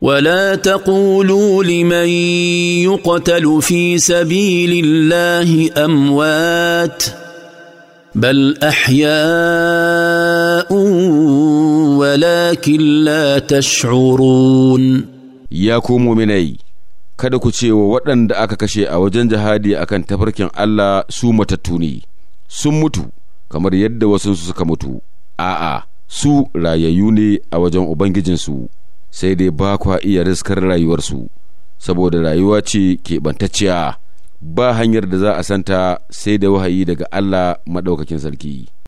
ولا تقولوا لمن يقتل في سبيل الله اموات بل احياء ولكن لا تشعرون يا مني kada ku ce wa waɗanda aka kashe a wajen jihadi a kan tafarkin Allah su matattu ne sun mutu kamar yadda wasu suka mutu a'a su rayayyu ne a wajen ubangijinsu sai dai ba kwa iya riskar rayuwarsu saboda rayuwa ce keɓantacciya ba hanyar da za a santa sai da wahayi daga Allah maɗaukakin sarki.